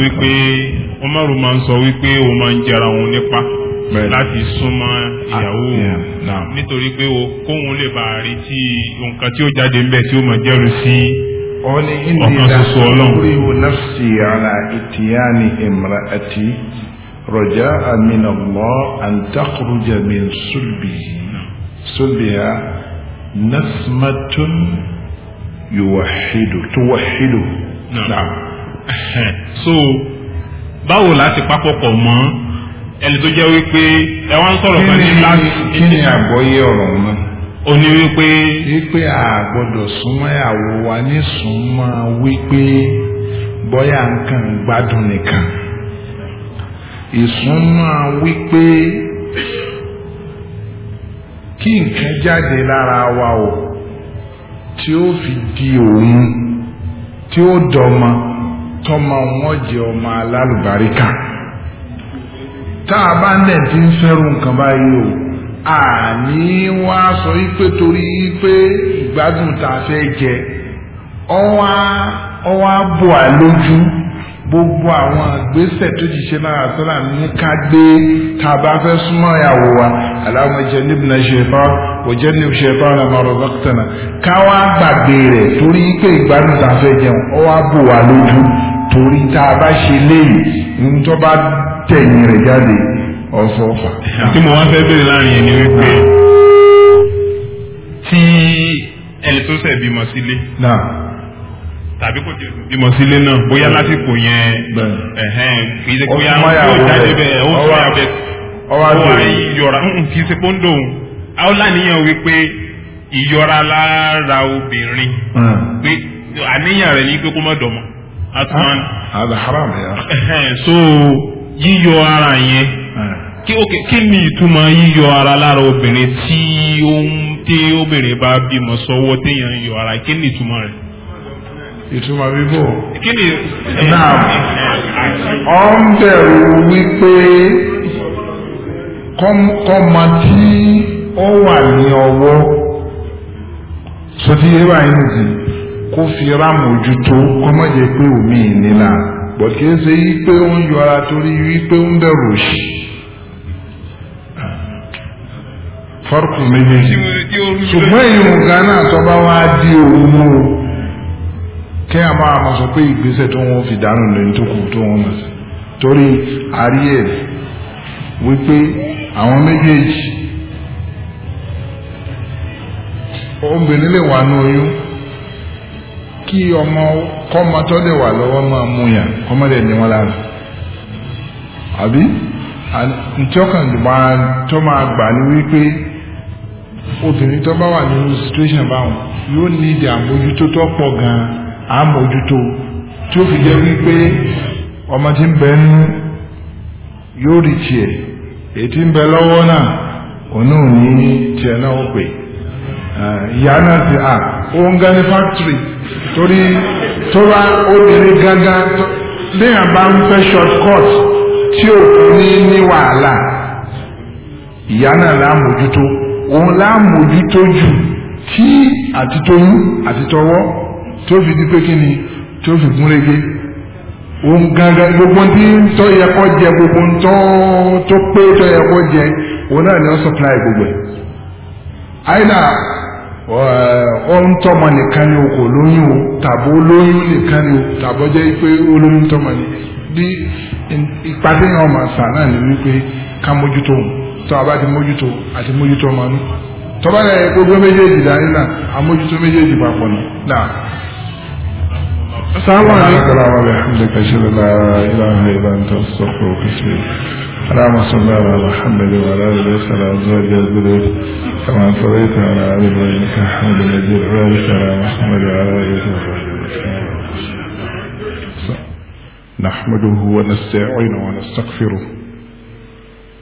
wípé umaru máa ń sọ wípé òun máa ń jara òun nípa láti súnmọ́ ìyàwó ah, nítorí pé kóun lè bá a retí nǹkan tí ó jáde ńbẹ tí ó máa jẹ́rù sí òun ni ìdílà orí wo nafsi ala ìtìyàní imra'ati rọjá amina mọ́ àǹtakùrújà min sulbihi sulbiha nasmatun yuwahidu tuwahidu. so báwo láti papọ̀pọ̀ mọ́ ẹni tó jẹ́ wípé ẹ wá ń sọ̀rọ̀ kan ní láti. kí ni àgbọ́yé ọ̀rọ̀ náà. ó ní wípé. wípé a gbọ́dọ̀ súnmọ́ ìyàwó wa ní súnmọ́ wípé bóyá nǹkan gbádùn nìkan ìsúnmọ́ wípé kí nǹkan o tí ó fi di òun tí ó dọmọ tọmọ wọn jẹ ọmọ alálùbáríkà tá a bá ń ti ń nǹkan àní wá sọ wípé torí wípé ìgbádùn tá a fẹ́ jẹ ọwá ọwá bò á lójú gbogbo àwọn àgbésẹ̀ tó jíṣẹ́ lára sọ́là ní ká gbé tá a bá fẹ́ súnmọ́ ìyàwó wa aláwọ̀ jẹ́ níbìnà ṣèpá kò jẹ́ níbi ṣèpá ọ̀nà ọ̀rọ̀ dọ́kítànà ká wá gbàgbé rẹ̀ torí pé ìgbádùn tá a fẹ́ jẹun ọwá bò wá lójú torí tá a bá ṣe léyìí ní tó bá tẹ̀yìn rẹ̀ jáde ọ̀fọ̀ọ̀fà. tí mo wá fẹ́ bèrè láàrin yẹn ni wípé tí ẹni tó ṣẹ̀ bímọ sílé tàbí kò tẹ̀sùn bímọ sílé náà bóyá lásìkò yẹn kì í ṣe bóyá yóò jáde bẹ́ẹ̀ ó sọ abẹ ọwọ́ àyíyọra kì í ṣe pọ́ńdò àwọn láníyàn wípé ìyọra lára obìnrin hmm. pé àníyàn rẹ̀ ní pé kó má dọ̀mọ́. Ah, ah, haram ya. so yíyọ ara yẹn kí ok kí ni ìtumọ̀ yíyọ ara lára obìnrin tí ohun tí obìnrin bá bímọ sọ́wọ́ téèyàn yọ ara kí ni ìtumọ̀ rẹ̀. ìtumọ̀ bíbò. kí ni. náà ọ ń bẹ̀rù wípé kọ́mọ tí ó wà ní ọwọ́ sọtí yé báyìí nìyí kó fi rámójútó kọ́mọ jẹ́ pé omi ìnira bọ̀dé ṣe yí pé ó ń yọ ara torí wípé ó ń bẹ̀rù òṣì. fọ́rùkù méjèèjì ṣùgbọ́n èyí ò gánà àtọ́bá wá di òun mú o kí a máa ma sọ pé ìgbésẹ̀ tó wọ́n fi dànù lóyún tó kù tó wọ́n mọ̀ sí torí àrí ẹ̀ wípé àwọn méjèèjì obìnrin lè wà ní oyún kí ọmọ kọ́mọ tó lè wà lọ́wọ́ máa mú yàn kọ́mọ lè ní wọn lára àbí ntí tó máa gbà ní wípé obìnrin tó bá wà nínú situation báwọn yóò ní ìdí àmójútó tó pọ̀ gan-an àmójútó tí ó fi jẹ́ wípé ọmọ tí ń bẹ nínú yóò rí tiẹ̀ èyí tí ń bẹ lọ́wọ́ náà òun náà ní tiẹ̀ náà ó pè eh, ìyá náà ti à ó ń gan ní factory torí tó bá obìnrin gángan léèyàn bá ń fẹ́ short cut tí ò ní ní wàhálà ìyá náà lámójútó òun láàmójútó jù tí àtitóyún àtitọ́wọ́ tó fi di pé kí ni tó fi gúnrégé òun gangan gbogbo tí tó yẹ kó jẹ gbogbo tó tó pé tó yẹ kó jẹ òun náà ni ó supply gbogbo ẹ̀ àìlà ọ̀hún tọmọ nìkan ni o kò lóyún o tàbó lóyún nìkan ni o tàbó jẹ́ pé ó tọmọ ni bí ipa tí yẹn ọmọ àṣà náà ni wípé ká mójútó òun tó a bá ti mójútó àti mójútó ọmọnú tó bá lẹ́yìn gbogbo méjèèjì dání náà àmójútó méjèèjì papọ̀ náà. sáwọn àlè. alákàlà wà bẹ̀rẹ̀ hàmdè kàṣírí la ilaha illa anta astaghfiruka kàṣírí. اللهم صل على محمد وعلى اله وصحبه ازواج الذريه كما صليت على ال ابراهيم انك حميد مجيد وبارك على محمد وعلى اله وصحبه نحمده ونستعينه ونستغفره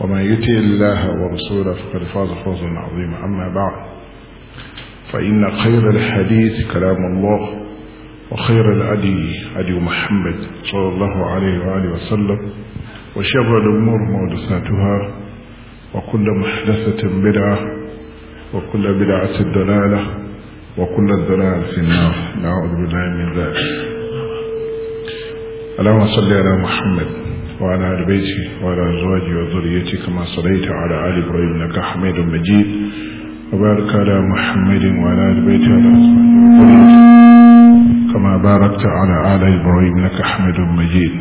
ومن يطع الله ورسوله فقد فاز فوزا عظيما أما بعد فإن خير الحديث كلام الله وخير الأدي أدي محمد صلى الله عليه وآله وسلم وشر الأمور محدثاتها وكل محدثة بدعة وكل بدعة ضلالة وكل الدلالة في النار نعوذ بالله من ذلك اللهم صل على محمد وعلى آل بيته وعلى أزواجه وذريته كما صليت على آل إبراهيم إنك حميد مجيد وبارك على محمد وعلى آل بيته وعلى أزواجه وذريته كما باركت على آل إبراهيم إنك حميد مجيد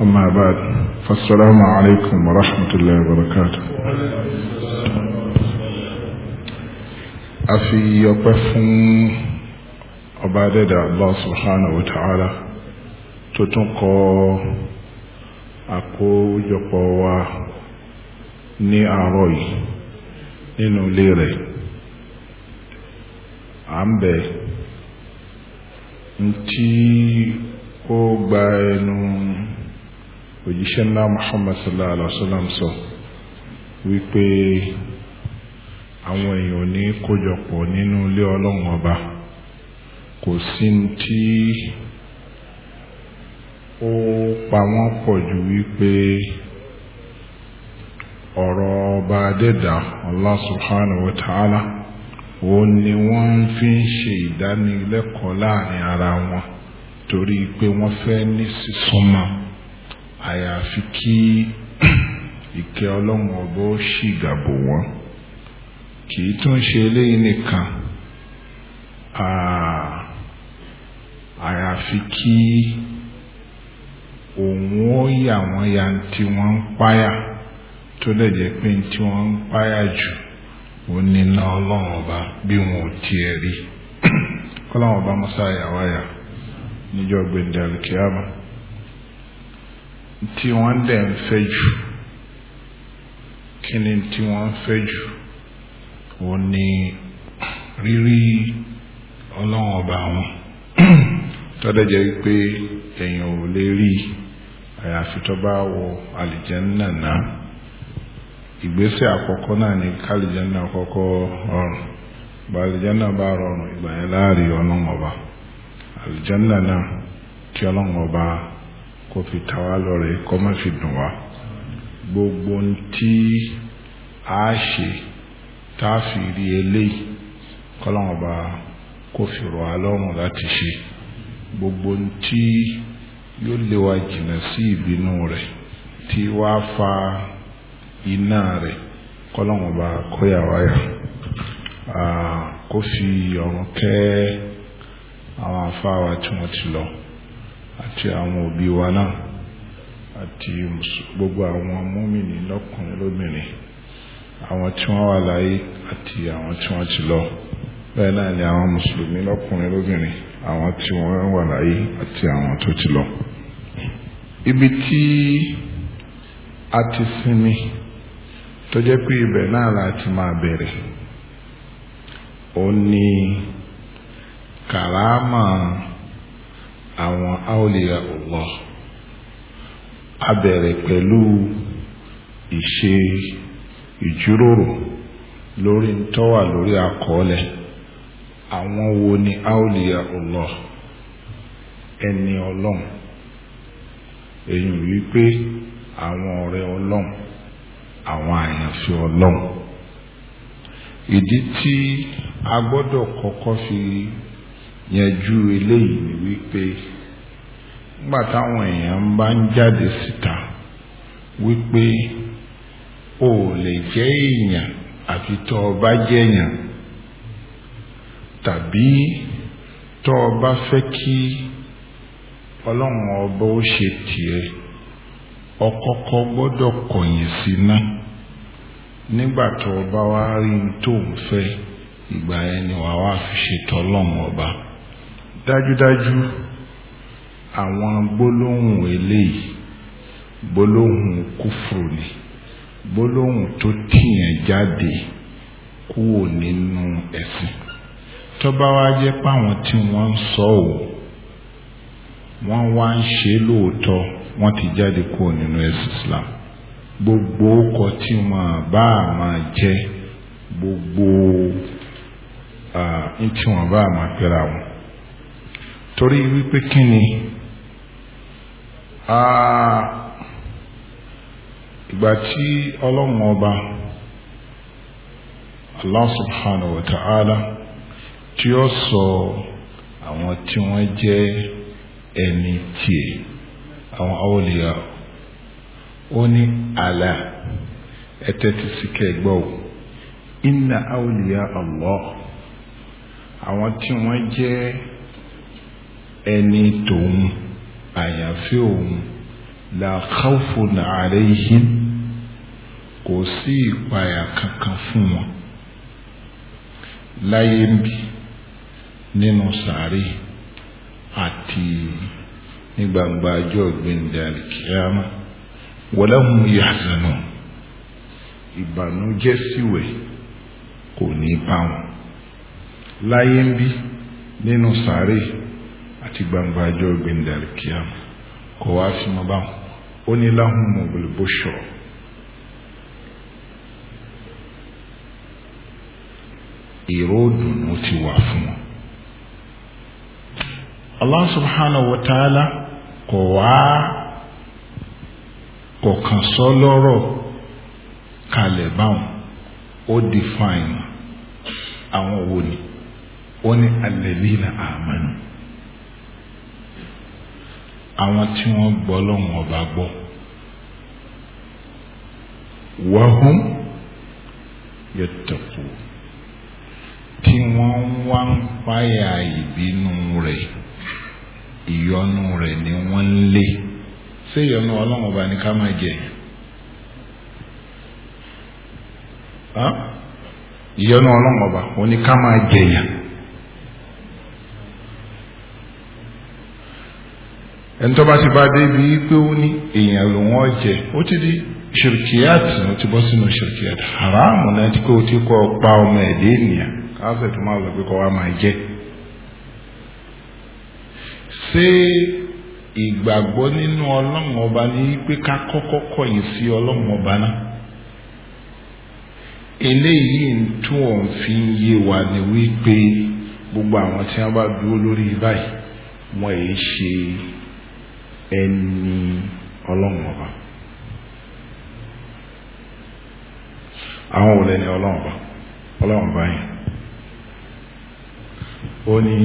أما بعد فالسلام عليكم ورحمة الله وبركاته أفي يقفن عبادة الله سبحانه وتعالى تتنقى àkójọpọ̀ wa ní àárọ̀ yìí nínú ilé rẹ̀ à ń bẹ̀ tí ó gba ẹnu òjíṣẹ́ ńlá Muhammad sallallahu alaihi wa sallam sọ wípé àwọn èèyàn ní kójọpọ̀ nínú ilé ọlọ́run ọba kò sí tí ó pa wọ́n pọ̀ ju wípé ọ̀rọ̀ ọba adẹ́dà Allah subhanahu ta'ala òun ni wọ́n fi ń ṣe ìdánilẹ́kọ̀ọ́ láàrin ara wọn torí pé wọ́n fẹ́ ní sísúnmọ́ àyàfi kí ìkẹ́ ọlọ́run ọba ó ṣì gàbò wọn kì í tún ṣe eléyìí nìkan àyàfi kí. òun ó yà ya ntí wọ́n ń paya tó dẹ̀ pé tí wọ́n ń páyà jù ó ọba bí wọn ò tiẹ̀ rí ọba musa yàwá yà níjọ́ gbẹ̀dẹ̀ alikiyama ntí wọ́n dẹ̀ dẹ fẹ́ jù kí ni tí wọ́n ń fẹ jù ó ní rírí ọba wọn tó pé èèyàn ò lè àyàfi tó bá wọ àlìjẹ́nà náà ìgbésẹ̀ àkọ́kọ́ náà ni kálìjẹ́nà kọ́kọ́ rọrùn ìgbà àlìjẹ́nà bá rọrùn ìgbà yẹn láàrin ọlọ́run ọba àlìjẹ́nà náà kí ọlọ́run ọba kó fi ta wá lọ́rẹ kó má fi dùn wá gbogbo ohun tí a ṣe tá a fi rí eléyìí kọ́lọ́run ọba fi rọ̀ á láti ṣe gbogbo ohun tí yóò lé wa jìnnà sí ìbínú rẹ̀ tí wàá fa iná rẹ̀ kọ́lọ́hún bá kóyà wáyà kó fi ọ̀run kẹ́ àwọn afáwa tí wọ́n ti lọ àti àwọn òbí wa náà àti gbogbo àwọn múmìnì lọ́kùnrin lóbìnrin àwọn tí wọ́n wà láyé àti àwọn tí wọ́n ti lọ bẹ́ẹ̀ náà ni àwọn mùsùlùmí lọ́kùnrin lóbìnrin àwọn tí wọ́n wà láyé àti àwọn tó ti lọ. ibi tí a ti sinmi tó jẹ́ pé ibẹ̀ náà la ti máa bẹ̀rẹ̀ ó ní kàrámà àwọn awliya Allah a bẹ̀rẹ̀ pẹ̀lú ìṣe ìjíròrò lórí ń tọ́wà lórí àkọọ́lẹ̀ àwọn wo ni auliya Allah ẹni ọlọ́run èyàn wípé àwọn ọ̀rẹ́ ọlọ́run àwọn àyànfẹ́ ọlọ́run ìdí tí a gbọ́dọ̀ kọ́kọ́ fi yanjú eléyìí ni wípé nígbà táwọn èèyàn bá ń jáde síta wípé o ò lè jẹ́ èèyàn àfi tó o bá jẹ́ èèyàn tàbí tọ́ ọ fẹ́ kí ọlọ́run ọba ó ṣe tiẹ̀ ọkọ́kọ́ gbọ́dọ̀ kọ̀yìn sí ná nígbà tó o wá rí n fẹ́ ìgbà yẹn ni wàá wá fi ṣètò ọlọ́run ọba dájúdájú àwọn gbólóhùn eléyìí gbólóhùn kúfùrù ni gbólóhùn tó tìyàn jáde kúrò nínú ẹ̀sìn. tọ́ba wa jẹ́ páwọn tí wọ́n ń sọ ò wọ́n wá ń ṣe lóòótọ́ wọ́n ti jáde kúrò nínú ẹ̀sìn Islam gbogbo ọkọ̀ tí wọ́n bá máa jẹ́ gbogbo ní tí wọ́n bá máa pẹ́ra wọn torí wípé kí ni ìgbà tí ọlọ́run ọba Allah subhanahu wa ta'ala tí ó sọ àwọn tí wọ́n jẹ́ ẹni tiẹ̀ àwọn awòlíyà ó ní àlà ẹ tẹ́tí sí kẹgbọ́ o inna awòlíyà Allah àwọn tí wọ́n jẹ́ ẹni tòun àyàfi òun la khawfun alayhim kò sí ìpayà kankan fún wọn láyé ń nínú sàárè àti ní gbangba ajọ́ ọ̀gbìndẹ̀ àríkíámà wọláhùn yàzánà ìbànújẹ́ síwẹ̀ kò ní bá wọn láyé ń bí nínú sàárè àti gbangba ajọ́ ọ̀gbìndẹ̀ àríkíámà kò wá sí mọ́ bá wọn ó ní láhùn mọ̀bìlì bó ṣọ̀rọ̀. ìró ti wà fún Allah subhanahu wa ta'ala kò wá kò kàn sọ lọ́rọ̀ kalẹ̀ báwọn ó define àwọn wo ni ó ní alladhina amanu àwọn tí wọ́n gbọ́ lọ́wọ́n ọba gbọ́ wahum yattaqu tí wọ́n wá ń páyà ìbínú rẹ̀. ìyọnu rẹ̀ ni wọ́n ń lé ṣé ìyọnu ọlọ́run ọba ni ká máa jẹ ìyọnu ọlọ́run ọba ká máa ẹni tó bá ti bá débi pé ó haramu náà ti ti pa ọmọ máa lọ pé kọ́ wa máa ṣé ìgbàgbọ́ nínú ọlọ́run ọba ní pé ká kọ́kọ́ kọ̀yìn sí ọlọ́run ọba náà eléyìí ń tún òun fi ń wa ni wípé gbogbo àwọn tí wọ́n bá dúró lórí báyìí wọn èyí ṣe ẹni ọlọ́run ọba àwọn ò lẹ́ni ọlọ́run ọba ọlọ́run ọba yẹn ó ní.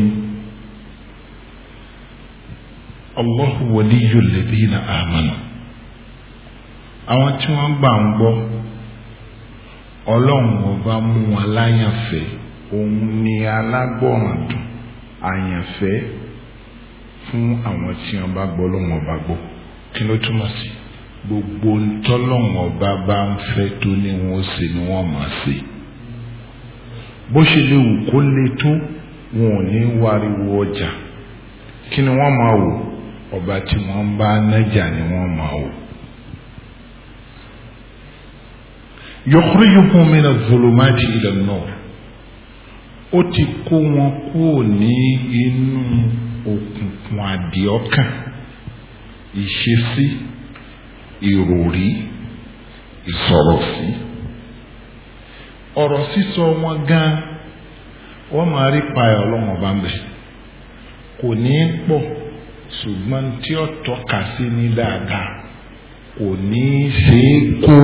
Allahu waliyu ladina amanu àwọn tí wọ́n gbà ń gbọ́ ọlọ́run ọba mú wọn láyànfẹ́ òun ni alágbọ̀ràn dùn àyànfẹ́ fún àwọn tí wọ́n bá gbọ́ lọ́wọ́n ọba gbọ́ kí ló túmọ̀ sí gbogbo ntọ́lọ́wọ́n ọba bá ń fẹ́ tó ní wọn ó ṣe ni wọ́n máa ṣe bó ṣe lè wù kó le tó wọn ò ní wariwo ọjà kí ni wọ́n máa wò ọba tí wọ́n bá nájà ni wọ́n máa wò. yukhrijuhum min az-zulumati ila an-nur ó ti kó wọn kúrò ní inú òkùnkùn àdìọ́kàn ìṣesí ìròrí ìsọ̀rọ̀ ọ̀rọ̀ sísọ wọn gan wọ́n máa rí payọ̀ ọlọ́mọba ń bẹ̀ kò ní í pọ̀ ṣùgbọ́n tí ó tọ́ka sí ní dáadáa kò ní í ṣe é kó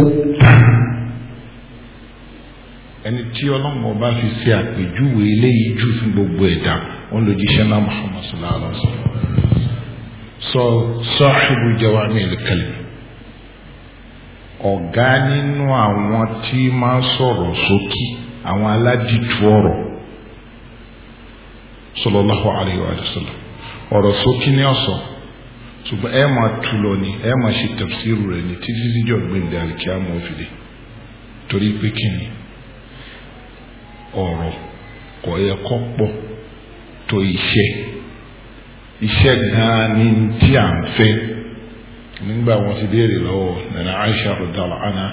ẹni tí ọlọ́mọ bá fi ṣe àpèjúwe eléyìí jù fún gbogbo ẹ̀dá wọn ló jíṣẹ́ náà Muhammad sallallahu alaihi wa sallam sọ sahibu jawamil kalim ọ̀gá nínú àwọn tí máa sọ̀rọ̀ sókè àwọn aládìtú ọ̀rọ̀ sallallahu alaihi wa sallam ọ̀rọ̀ sókí ní ọ̀sọ̀ ṣùgbọ́n ẹ máa tu lọ ni ẹ máa ṣe tẹ̀síìrù rẹ̀ ni títí díjọ́ gbẹ̀ndẹ̀ àlìkíyàmọ́ òfìdí torí pé kí ni ọ̀rọ̀ kò yẹ kó pọ̀ tó iṣẹ́ iṣẹ́ gan-an ni tí à ń fẹ́ nígbà wọn ti béèrè lọ́wọ́ nana Aisha rọ̀dàlá ana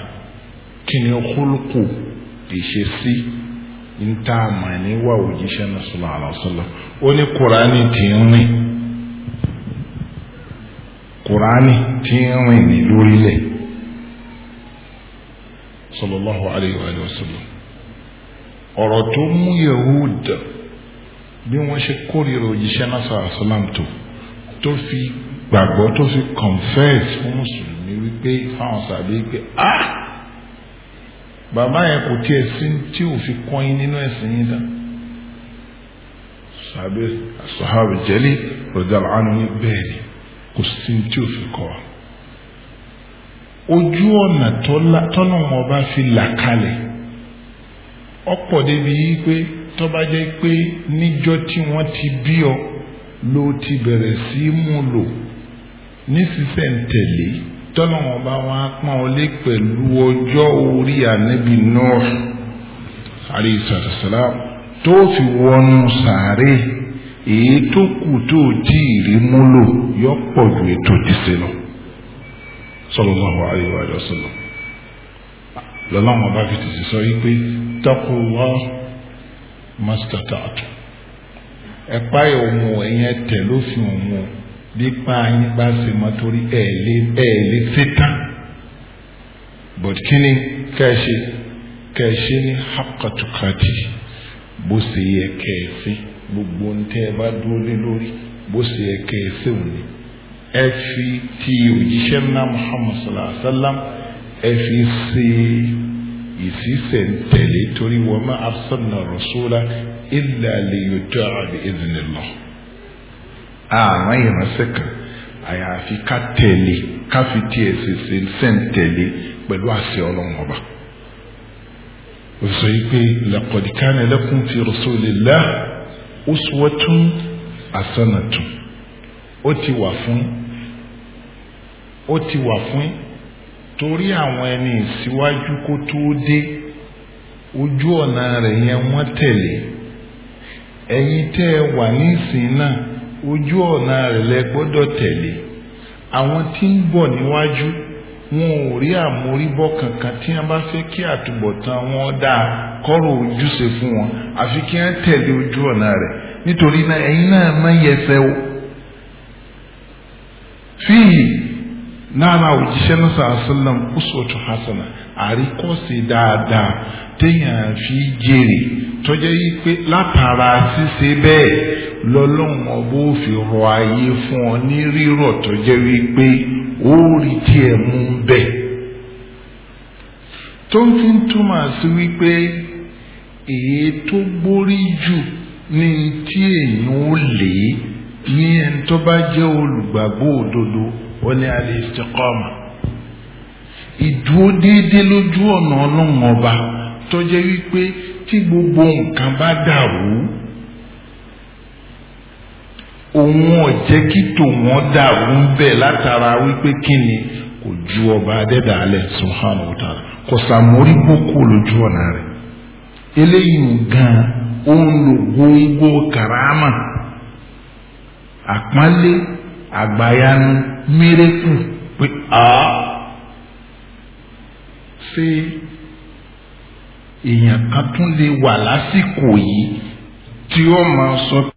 kí ni ó kúlùkù ìṣesí. Si ń tá a mọ̀ ní wà òjíṣẹ́ náà sọlá àlọ́sọlá ó ní kùránì tí ń rìn kùránì tí ń rìn ní lórílẹ̀ sọlọ́láhùn aláìwá ni ọ̀sọ̀lọ́ ọ̀rọ̀ tó mú Yahuda bí wọ́n ṣe kórìíra òjíṣẹ́ náà sọlá àlọ́sọlá tó tó fi gbàgbọ́ tó fi confess fún mùsùlùmí wípé fáwọn sàbí pé ah. bàbá yẹn kò tiẹ̀ sí tí ò fi kọ́yìn nínú ẹ̀sìn yìí dá sàbẹ̀ sọ̀hábì jẹ́lí rẹ̀dàlá ànú ní bẹ́ẹ̀ ni kò sí tí ò fi kọ́ wa ojú ọ̀nà tọ́nà ikpe fi là kalẹ̀ ọ̀pọ̀ débi yìí pé ti bí ọ ló ti bẹ̀rẹ̀ sí mú lò ní tọ́lọ́wọ́n bá wọn á pọ́n ọ lé pẹ̀lú ọjọ́ orí ànábì Nuh alayhi salam tó fi wọnú sàárè èyí tó kù tó tí ì rí múlò yọ pọ̀ ju ètò ìdíse lọ sallallahu alayhi wa sallam lọ́lọ́wọ́n bá fi tìsí sọ wípé taqwa mastata'tu ẹ̀pá ìhòòhùn ẹ̀yẹn tẹ̀ ló fi hòòhùn o nípa yín bá ṣe mọ́ torí ẹ̀ lé ẹ̀ lé sétan but kí ni kẹ́ẹ̀ṣe kẹ́ẹ̀ṣe ní hakatukati bó ṣe yẹ kẹ́ẹ̀ṣe gbogbo ń tẹ́ ẹ bá dúró lé lórí bó ṣe yẹ kẹ́ẹ̀ṣe òní ẹ fi ti òjíṣẹ́ ńlá Muhammad sallallahu alaihi wa sallam ẹ fi ṣe ìsísẹ̀ ń tẹ̀lé torí wa ma arsalna rasula illa liyuta'a bi idhnillah àrán ìránṣẹ́ kan àyàfi ká tẹ̀lé ká fi tiẹ̀ ṣèṣe ṣẹ̀ǹtẹ̀lé pẹ̀lú àṣẹ ọlọ́run ọba ó sọ yìí pé laqad kana lakum fi rasulillahi uswatun hasanatun ó ti wà fún ó ti wà fún torí àwọn ẹni ìsíwájú kó tóó dé ojú ọ̀nà rẹ̀ yẹn wọ́n tẹ̀lé ẹ̀yin tẹ́ ẹ wà nísìnyí náà ojú ọ̀nà rẹ̀ lẹ gbọ́dọ̀ tẹ̀lé àwọn tí ń bọ̀ níwájú wọn ò rí àmúríbọ́ kankan tí wọ́n bá fẹ́ kí àtúbọ̀tán wọn dáa kọ́rọ̀ ojúṣe fún wọn àfi kí wọ́n tẹ̀lé ojú ọ̀nà rẹ̀ nítorí náà ẹ̀yin náà má yẹsẹ̀ o. fíì náà òjíṣẹ́ náà sàásìlám uswatu hasana àríkọ́sí dáadáa téèyàn fi jèrè tọ́jẹ́ yí pé látara ṣíṣe bẹ́ẹ̀. lọ́lọ́run ọba ó fi rọ ayé fún ọ ní rírọ̀ tó jẹ́ wípé ó rí tiẹ̀ mú bẹ́ tó fi ń túmọ̀ sí wípé èyí tó gbórí jù ní tí èèyàn ó lè ní ẹni tó bá jẹ́ olùgbàgbọ́ òdodo ó ní al-istiqama ìdúró déédéé lójú ọ̀nà ọlọ́run ọba tó jẹ́ wípé tí gbogbo nǹkan bá dàrú òun ò jẹ́ kí tòun dàrú ń bẹ̀ látara wípé kí ni kò ju ọba adẹ́dàálẹ̀ subhanahu wa ta'ala kò sàmórí gbókò lójú ọ̀nà rẹ̀ eléyìí gan òun lò gbóngbó karama àpọ́nlé àgbàyanu mírèkù pé a ṣe èèyàn kan tún lè wà lásìkò yìí tí ó máa sọ